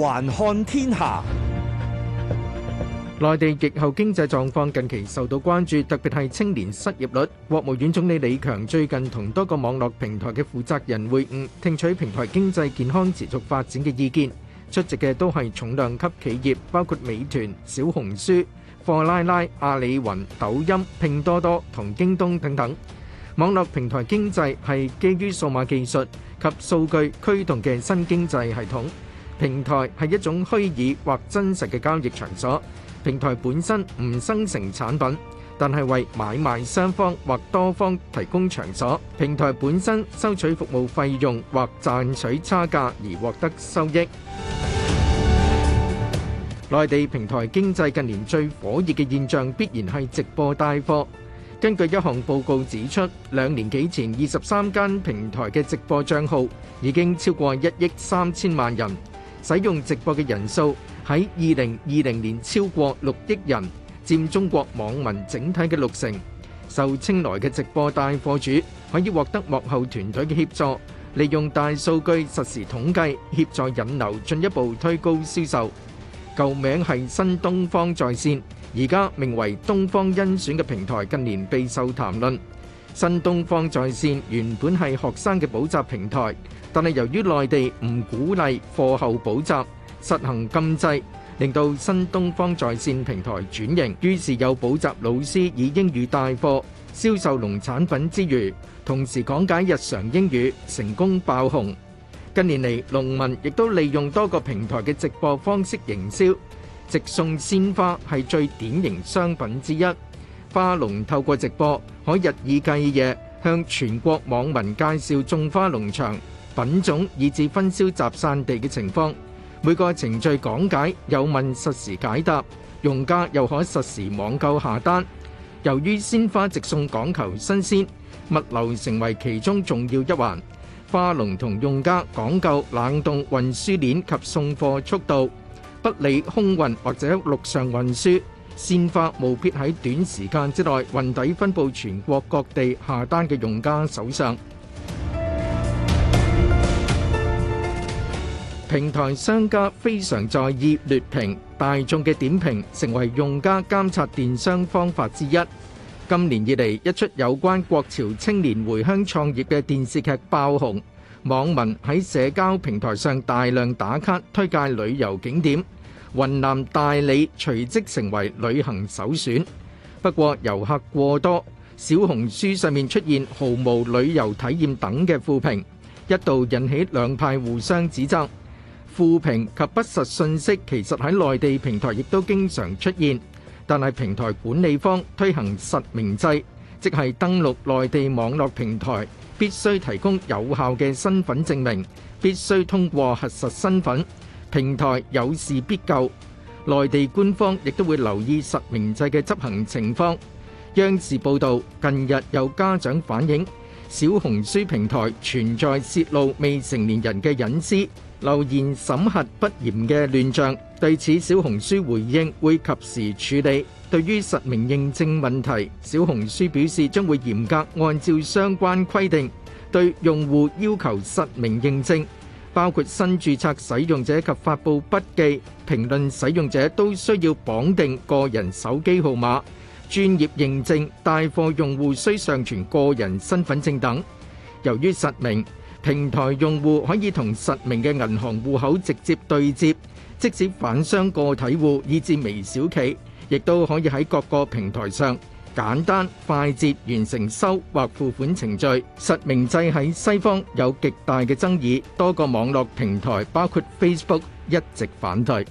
環看天下，內地疫後經濟狀況近期受到關注，特別係青年失業率。國務院總理李強最近同多個網絡平台嘅負責人會晤，聽取平台經濟健康持續發展嘅意見。出席嘅都係重量級企業，包括美團、小紅書、貨拉拉、阿里雲、抖音、拼多多同京東等等。網絡平台經濟係基於數碼技術及數據驅動嘅新經濟系統。平台係一種虛擬或真實嘅交易場所。平台本身唔生成產品，但係為買賣雙方或多方提供場所。平台本身收取服務費用或賺取差價而獲得收益。內地平台經濟近年最火熱嘅現象，必然係直播帶貨。根據一項報告指出，兩年幾前二十三間平台嘅直播帳號已經超過一億三千萬人。使用直播嘅人數喺二零二零年超過六億人，佔中國網民整體嘅六成。受青睞嘅直播帶貨主可以獲得幕後團隊嘅協助，利用大數據實時統計協助引流，進一步推高銷售。舊名係新東方在線，而家名為東方甄選嘅平台近年備受談論。新東方在線原本係學生嘅補習平台，但係由於內地唔鼓勵課後補習，實行禁制，令到新東方在線平台轉型。於是有補習老師以英語帶貨、銷售農產品之餘，同時講解日常英語，成功爆紅。近年嚟，農民亦都利用多個平台嘅直播方式營銷，直送鮮花係最典型商品之一。花農透過直播，可日以繼夜向全國網民介紹種花農場品種，以至分銷集散地嘅情況。每個程序講解有問實時解答，用家又可實時網購下單。由於鮮花直送講求新鮮，物流成為其中重要一環。花農同用家講究冷凍運輸鏈及送貨速度，不理空運或者陸上運輸。鮮花務必喺短時間之內運抵分佈全國各地下單嘅用家手上。 雲南大理隨即成為旅行首選，不過遊客過多，小紅書上面出現毫無旅遊體驗等嘅負評，一度引起兩派互相指責。負評及不實信息，其實喺內地平台亦都經常出現，但係平台管理方推行實名制，即係登錄內地網絡平台必須提供有效嘅身份證明，必須通過核實身份。平台有事必救，內地官方亦都會留意實名制嘅執行情況。央視報導，近日有家長反映小紅書平台存在泄露未成年人嘅隱私、留言審核不嚴嘅亂象。對此，小紅書回應會及時處理。對於實名認證問題，小紅書表示將會嚴格按照相關規定對用戶要求實名認證。包括新註冊使用者及發布筆記、評論使用者都需要綁定個人手機號碼、專業認證、帶貨用戶需上傳個人身份證等。由於實名，平台用戶可以同實名嘅銀行戶口直接對接，即使反商、個體戶以至微小企，亦都可以喺各個平台上。簡單快捷完成收或付款程序，實名制喺西方有極大嘅爭議，多個網絡平台包括 Facebook 一直反對。